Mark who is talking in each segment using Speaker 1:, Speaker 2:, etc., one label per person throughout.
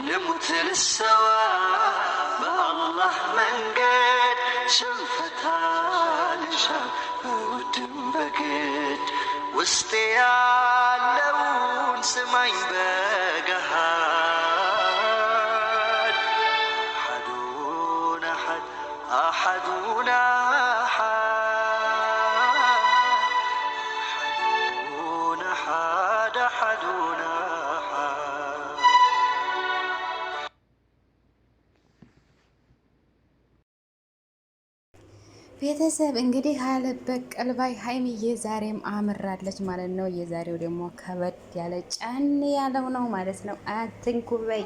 Speaker 1: لمت للسواب الله من قد شفتها لشاف ودم بقيت وسطي لون سماي بقيت
Speaker 2: ቤተሰብ እንግዲህ ያለበቀል ባይ ሀይሚዬ ዛሬም አምራለች ማለት ነው። የዛሬው ደግሞ ከበድ ያለ ጫን ያለው ነው ማለት ነው። አትንኩበይ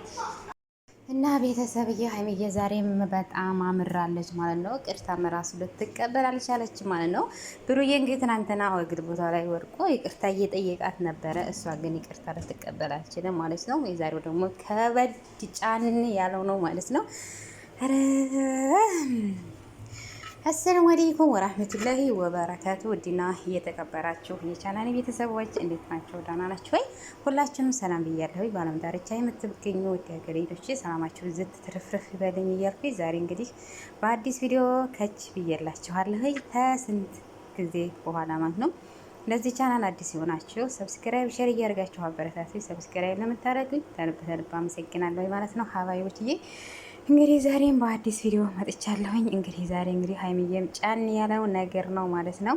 Speaker 2: እና ቤተሰብዬ ሀይሚዬ ዛሬም በጣም አምራለች ማለት ነው። ቅርታም ራሱ ልትቀበላለች አልቻለች ማለት ነው። ብሩዬ እንግዲህ ትናንትና እግር ቦታ ላይ ወድቆ ይቅርታ እየጠየቃት ነበረ። እሷ ግን ይቅርታ ልትቀበል አልችልም ማለት ነው። የዛሬው ደግሞ ከበድ ጫን ያለው ነው ማለት ነው። አሰላሙ አለይኩም ወራህመቱላሂ ወበረካቱ። ውድና እየተከበራችሁ የቻናሌ ቤተሰቦች እንዴት ናቸው? ደህና ናችሁ ወይ? ሁላችሁንም ሰላም ብያለሁ። በዓለም ዳርቻ የምትገኙ ውድ ሀገሬ ሰላማችሁ ዝት ትርፍርፍ ይበልኝ እያልኩኝ ዛሬ እንግዲህ በአዲስ ቪዲዮ ከች ብዬላችኋለሁ። ከስንት ጊዜ በኋላ ማለት ነው። ለዚህ ቻናል አዲስ የሆናችሁ ሰብስክራይብ፣ ሼር እያደርጋችሁ አበረታቱ። ሰብስክራይብ ለምታደርጉኝ ተልብ ተልብ አመሰግናለሁ ማለት ነው ሀባዮችዬ እንግዲህ ዛሬም በአዲስ ቪዲዮ መጥቻለሁኝ። እንግዲህ ዛሬ እንግዲህ ሀይሚዬም ጫን ያለው ነገር ነው ማለት ነው።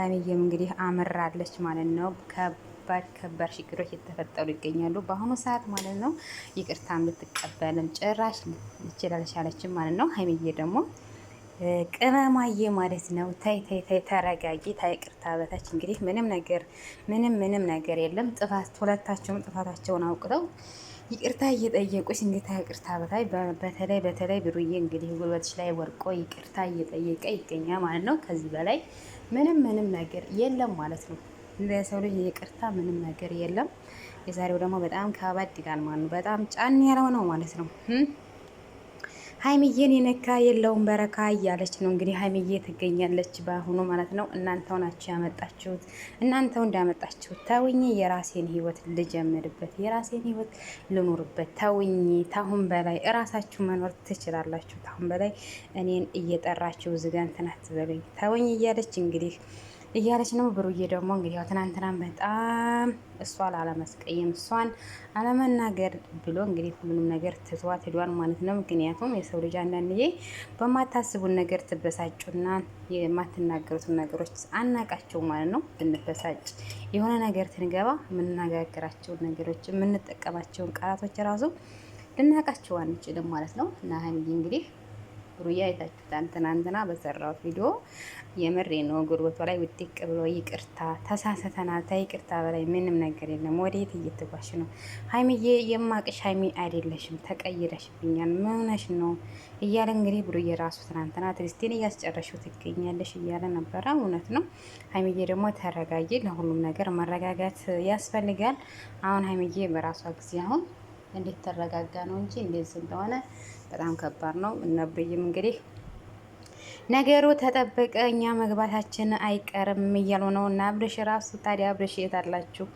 Speaker 2: ሀይሚዬም እንግዲህ አምራለች ማለት ነው። ከባድ ከባድ ችግሮች የተፈጠሩ ይገኛሉ በአሁኑ ሰዓት ማለት ነው። ይቅርታም ልትቀበልም ጭራሽ ልችላለች አለችም ማለት ነው። ሀይሚዬ ደግሞ ቅመማዬ ማለት ነው። ታይ ታይ ታይ ተረጋጊ፣ ታይ ቅርታ በታች እንግዲህ ምንም ነገር ምንም ምንም ነገር የለም። ጥፋት ሁለታቸውም ጥፋታቸውን አውቅተው ይቅርታ እየጠየቁሽ እንግታ ይቅርታ በታይ በተለይ በተለይ ብሩዬ እንግዲህ ጉልበትሽ ላይ ወርቆ ይቅርታ እየጠየቀ ይገኛል ማለት ነው። ከዚህ በላይ ምንም ምንም ነገር የለም ማለት ነው። ለሰው ልጅ ይቅርታ ምንም ነገር የለም። የዛሬው ደግሞ በጣም ከባድ ይላል ማለት ነው። በጣም ጫን ያለው ነው ማለት ነው። ሀይሚዬን የነካ የለውም በረካ እያለች ነው እንግዲህ ሀይሚዬ ትገኛለች በአሁኑ ማለት ነው። እናንተው ናችሁ ያመጣችሁት፣ እናንተው እንዳመጣችሁት ተውኝ፣ የራሴን ህይወት ልጀምርበት፣ የራሴን ህይወት ልኖርበት፣ ተውኝ። ታሁን በላይ እራሳችሁ መኖር ትችላላችሁ። ታሁን በላይ እኔን እየጠራችሁ ዝጋን ትናት በሉኝ፣ ተውኝ እያለች እንግዲህ እያለች ነው። ብሩዬ ደግሞ እንግዲህ ያው ትናንትናም በጣም እሷ ላለመስቀየም እሷን አለመናገር ብሎ እንግዲህ ሁሉንም ነገር ትቷት ሄዷል ማለት ነው። ምክንያቱም የሰው ልጅ አንዳንድዬ በማታስቡን ነገር ትበሳጩና የማትናገሩትን ነገሮች አናቃቸው ማለት ነው። ብንበሳጭ የሆነ ነገር ትንገባ የምንነጋገራቸውን ነገሮች የምንጠቀማቸውን ቃላቶች ራሱ ልናቃቸው አንችልም ማለት ነው እና እንግዲህ ሩያ አይታችሁታል። ትናንትና በሰራሁት ቪዲዮ የምሬ ነው። ጉርበቷ ላይ ውድቅ ብሎ ይቅርታ ተሳስተናል፣ ታይ በላይ ምንም ነገር የለም። ወዴት እየተጓሽ ነው? ሀይሚዬ የማቅሽ ሀይሚ አይደለሽም፣ ተቀይረሽብኛል። መሆነሽ ነው እያለ እንግዲህ ብሩዬ ራሱ ትናንትና ትሪስቲን እያስጨረሽው ትገኛለሽ እያለ ነበረ። እውነት ነው። ሀይሚዬ ደግሞ ተረጋጊ። ለሁሉም ነገር መረጋጋት ያስፈልጋል። አሁን ሀይሚዬ በራሷ ጊዜ አሁን እንዴት ተረጋጋ ነው እንጂ እንዴት ስለሆነ በጣም ከባድ ነው። እነብርይም እንግዲህ ነገሩ ተጠበቀ እኛ መግባታችን አይቀርም እያሉ ነው። እና አብርሽ ራሱ ታዲያ አብርሽ የት አላችሁ?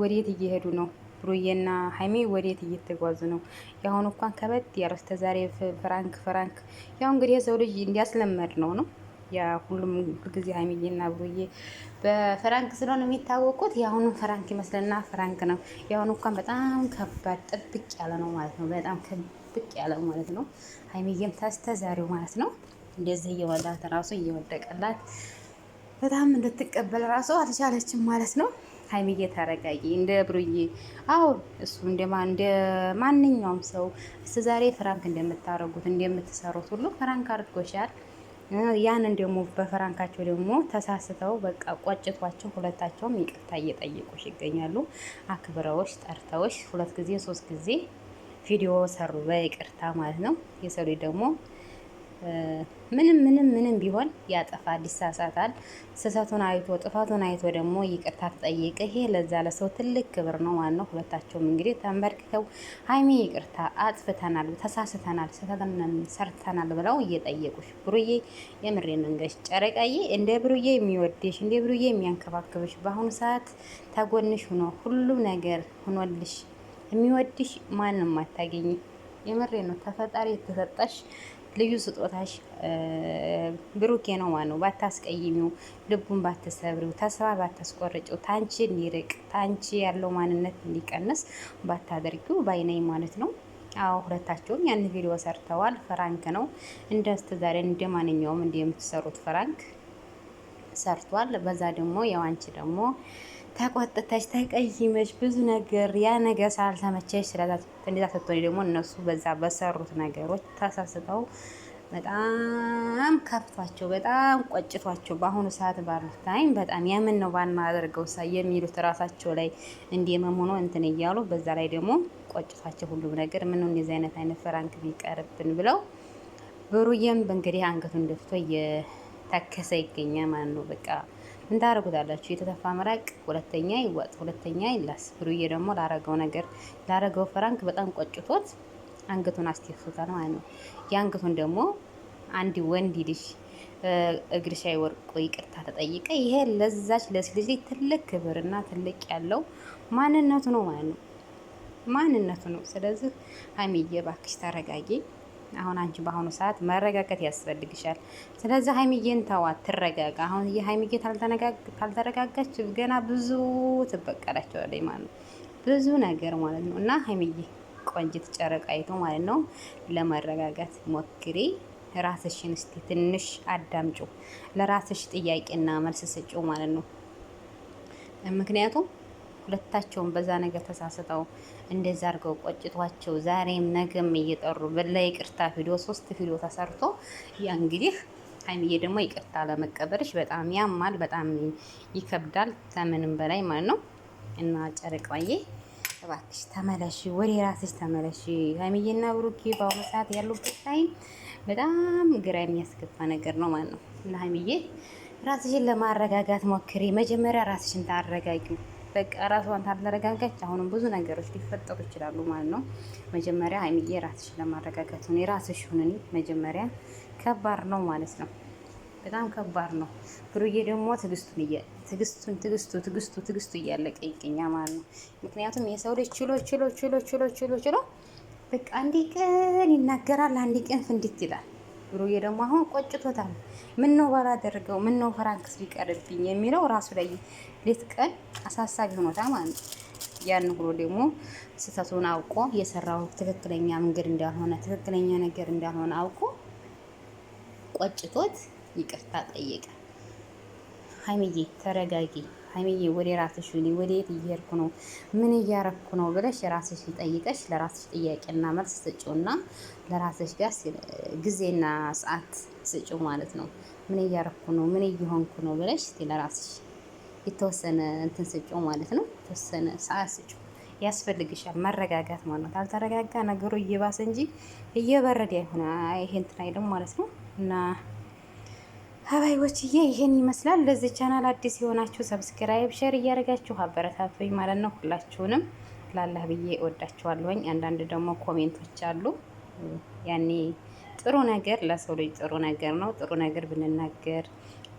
Speaker 2: ወዴት እየሄዱ ነው? ብሩዬና ሀይሜ ወዴት እየተጓዙ ነው? የአሁኑ እንኳን ከበድ ያለው እስከ ዛሬ ፍራንክ ፍራንክ፣ ያው እንግዲህ የሰው ልጅ እንዲያስለመድ ነው ነው ሁሉም ሁልጊዜ ሀይሚዬና ብሩዬ በፍራንክ ስለሆነ የሚታወቁት የአሁኑ ፍራንክ ይመስልና ፍራንክ ነው። የአሁኑ እንኳን በጣም ከባድ ጥብቅ ያለ ነው ማለት ነው። በጣም ጥብቅ ያለ ማለት ነው። ሀይሚዬም ተስተዛሪው ማለት ነው እንደዚህ እየወላት ራሱ እየወደቀላት በጣም እንድትቀበል ራሱ አልቻለችም ማለት ነው። ሀይሚዬ ተረጋጊ፣ እንደ ብሩዬ አሁን እሱ እንደ ማንኛውም ሰው እስከ ዛሬ ፍራንክ እንደምታረጉት እንደምትሰሩት ሁሉ ፍራንክ አድርጎሻል። ያንን ደግሞ በፍራንካቸው ደግሞ ተሳስተው በቃ ቆጭቷቸው ሁለታቸውም ይቅርታ እየጠየቁሽ ይገኛሉ። አክብረዎች ጠርተዎች ሁለት ጊዜ ሶስት ጊዜ ቪዲዮ ሰሩ በይቅርታ ማለት ነው። የሰው ልጅ ደግሞ ምንም ምንም ምንም ቢሆን ያጠፋል፣ ይሳሳታል። ስህተቱን አይቶ ጥፋቱን አይቶ ደግሞ ይቅርታ ተጠየቀ። ይሄ ለዛ ለሰው ትልቅ ክብር ነው ማለት ነው። ሁለታቸውም እንግዲህ ተንበርክከው ሀይሜ ይቅርታ አጥፍተናል፣ ተሳስተናል፣ ስህተትን ሰርተናል ብለው እየጠየቁሽ ብሩዬ፣ የምሬ መንገሽ ጨረቃዬ፣ እንደ ብሩዬ የሚወድሽ እንደ ብሩዬ የሚያንከባክብሽ በአሁኑ ሰዓት ተጎንሽ ሆኖ ሁሉ ነገር ሆኖልሽ የሚወድሽ ማንም አታገኝ። የምሬ ነው። ተፈጣሪ የተሰጠሽ ልዩ ስጦታሽ ብሩኬ ነው ማለት ነው። ባታስቀይሚው፣ ልቡን ባትሰብሪው፣ ተስፋ ባታስቆርጭው፣ ታንቺ እንዲርቅ ታንቺ ያለው ማንነት እንዲቀንስ ባታደርጊው ባይነኝ ማለት ነው። አዎ ሁለታቸውም ያን ቪዲዮ ሰርተዋል። ፍራንክ ነው እንደ ስተዛሬ እንደ ማንኛውም እንደ የምትሰሩት ፍራንክ ሰርቷል። በዛ ደግሞ የዋንቺ ደግሞ ተቆጥተሽ ተቀይመሽ ብዙ ነገር ያ ነገር ሳልተመቸሽ ስለዛት እንደዛ ስትሆኝ ደግሞ እነሱ በዛ በሰሩት ነገሮች ተሳስተው በጣም ከፍቷቸው በጣም ቆጭቷቸው በአሁኑ ሰዓት ባሉት ታይም በጣም የምን ነው ባናደርገው ሳ የሚሉት ራሳቸው ላይ እንዲህ መሆኑ እንትን እያሉ በዛ ላይ ደግሞ ቆጭቷቸው ሁሉም ነገር ምን ነው እንደዚህ አይነት አይነት ፍራንክ ቢቀርብን ብለው ብሩዬም እንግዲህ አንገቱን ደፍቶ እየተከሰ ይገኛል ማለት ነው በቃ እንዳረጉታላችሁ የተተፋ ምራቅ ሁለተኛ ይወጥ ሁለተኛ ይላስ። ፍሩዬ ደግሞ ላረገው ነገር ላረገው ፍራንክ በጣም ቆጭቶት አንገቱን አስቴፍቶታል ማለት ነው። የአንገቱን ደግሞ አንድ ወንድ ልጅ እግር ሻይ ወርቆ ይቅርታ ተጠይቀ። ይሄ ለዛች ለሴት ልጅ ትልቅ ክብርና ትልቅ ያለው ማንነቱ ነው ማለት ነው ማንነቱ ነው። ስለዚህ ሀይሚዬ እባክሽ ተረጋጊ። አሁን አንቺ በአሁኑ ሰዓት መረጋጋት ያስፈልግሻል። ስለዚህ ሀይሚዬን ተዋት፣ ትረጋጋ። አሁን የሀይሚዬ ካልተረጋጋች ገና ብዙ ትበቀላቸዋለች ማለት ነው፣ ብዙ ነገር ማለት ነው። እና ሀይሚዬ ቆንጅት ጨረቃ አይቶ ማለት ነው ለመረጋጋት ሞክሪ። ራስሽን እስቲ ትንሽ አዳምጪው፣ ለራስሽ ጥያቄና መልስ ስጪው ማለት ነው ምክንያቱም ሁለታቸውም በዛ ነገር ተሳስተው እንደዛ አድርገው ቆጭቷቸው ዛሬም ነገም እየጠሩ ለይቅርታ ቪዲዮ ሶስት ቪዲዮ ተሰርቶ ያ እንግዲህ ሀይሚዬ ደግሞ ይቅርታ ለመቀበልሽ በጣም ያማል፣ በጣም ይከብዳል፣ ከምንም በላይ ማለት ነው። እና ጨረቃዬ እባክሽ ተመለሽ፣ ወደ ራስሽ ተመለሽ። ሀይሚዬና ብሩኬ በአሁኑ ሰዓት ያሉበት ታይም በጣም ግራ የሚያስገባ ነገር ነው ማለት ነው። እና ሀይሚዬ ራስሽን ለማረጋጋት ሞክሪ። መጀመሪያ ራስሽን ታረጋጊው። በቃ ራሷን ታልተረጋጋች አሁንም ብዙ ነገሮች ሊፈጠሩ ይችላሉ ማለት ነው። መጀመሪያ ሀይሚዬ ራስሽን ለማረጋጋት ሁኔ ራስሽ ሁንን። መጀመሪያ ከባድ ነው ማለት ነው። በጣም ከባድ ነው። ብሩዬ ደግሞ ትግስቱን ትግስቱን ትግስቱ ትግስቱ ትግስቱ እያለቀ ይገኛል ማለት ነው። ምክንያቱም የሰው ልጅ ችሎ ችሎ ችሎ ችሎ ችሎ ችሎ በቃ አንድ ቀን ይናገራል፣ አንድ ቀን ፍንድት ይላል። ብሩዬ ደግሞ አሁን ቆጭቶታል። ምን ነው ባላደርገው፣ ምን ነው ፍራንክስ ቢቀርብኝ የሚለው ራሱ ላይ ሌት ቀን አሳሳቢ ሆኖታል ማለት ነው። ያን ሁሉ ደግሞ ስህተቱን አውቆ የሰራው ትክክለኛ መንገድ እንዳልሆነ ትክክለኛ ነገር እንዳልሆነ አውቆ ቆጭቶት ይቅርታ ጠየቀ። ሀይሚዬ ተረጋጊ። ሀይሚዬ ወደ ራስሽ ሁኚ፣ ወዴት እየሄድኩ ነው፣ ምን እያረኩ ነው ብለሽ ራስሽን ጠይቀሽ ለራስሽ ጥያቄና መልስ ስጪውና ለራስሽ ጋር ጊዜና ሰዓት ስጪው ማለት ነው። ምን እያረኩ ነው፣ ምን እየሆንኩ ነው ብለሽ ለራስሽ የተወሰነ እንትን ስጪው ማለት ነው። የተወሰነ ሰዓት ስጪው ያስፈልግሻል መረጋጋት ማለት ነው። ካልተረጋጋ ነገሩ እየባሰ እንጂ እየበረደ ይሆናል። ይሄ እንትን አይልም ማለት ነው እና ሀባይቦችዬ ይሄን ይመስላል። ለዚህ ቻናል አዲስ የሆናችሁ ሰብስክራይብ፣ ሼር እያደረጋችሁ አበረታቱኝ ማለት ነው። ሁላችሁንም ላላህ ብዬ እወዳችኋለሁኝ። አንዳንድ ደግሞ ኮሜንቶች አሉ። ያኔ ጥሩ ነገር ለሰው ልጅ ጥሩ ነገር ነው። ጥሩ ነገር ብንናገር፣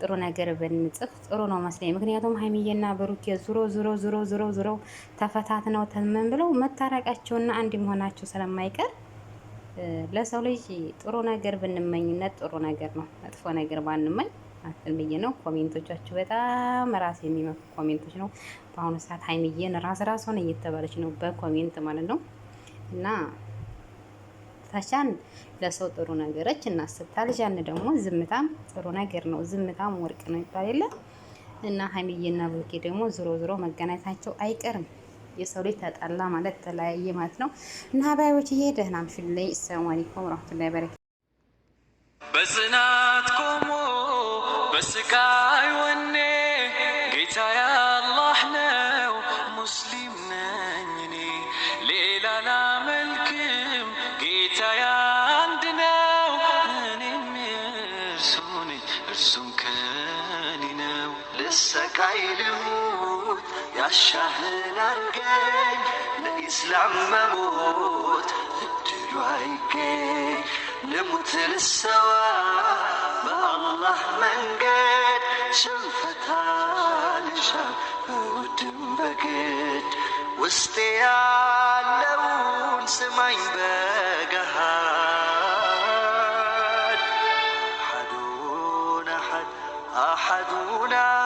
Speaker 2: ጥሩ ነገር ብንጽፍ ጥሩ ነው መስለኝ። ምክንያቱም ሀይሚዬና ብሩኬ ዙሮ ዙሮ ዙሮ ዙሮ ዙሮ ተፈታት ነው ተመን ብለው መታረቃቸውና አንድ መሆናቸው ስለማይቀር ለሰው ልጅ ጥሩ ነገር ብንመኝነት ጥሩ ነገር ነው፣ መጥፎ ነገር ባንመኝ አትል ብዬ ነው። ኮሜንቶቻችሁ በጣም ራስ የሚመቱ ኮሜንቶች ነው። በአሁኑ ሰዓት ሀይሚዬን ራስ ራሷን እየተባለች ነው በኮሜንት ማለት ነው እና ታቻን ለሰው ጥሩ ነገሮች እናስብ። ታልጃን ደግሞ ዝምታም ጥሩ ነገር ነው፣ ዝምታም ወርቅ ነው ይባል የለ እና ሀይሚዬና ብሩኬ ደግሞ ዝሮ ዝሮ መገናኘታቸው አይቀርም። የሰው ልጅ ተጠላ ማለት ተለያየ ማለት ነው። እና ባዮች ይሄ ደህና ምሽልኝ። ሰላም አለይኩም ወራህመቱላሂ ወበረካቱ።
Speaker 1: በጽናት ቆሞ በስቃይ ወኔ ጌታያ الشهلان جاي نقيس ما موت قلتلو هيجي نموت للسوا ما الله من جد شنفتها لشام ودم بجد وسطي علون سمعي بجهاد أحدون أحد أحدونا أحد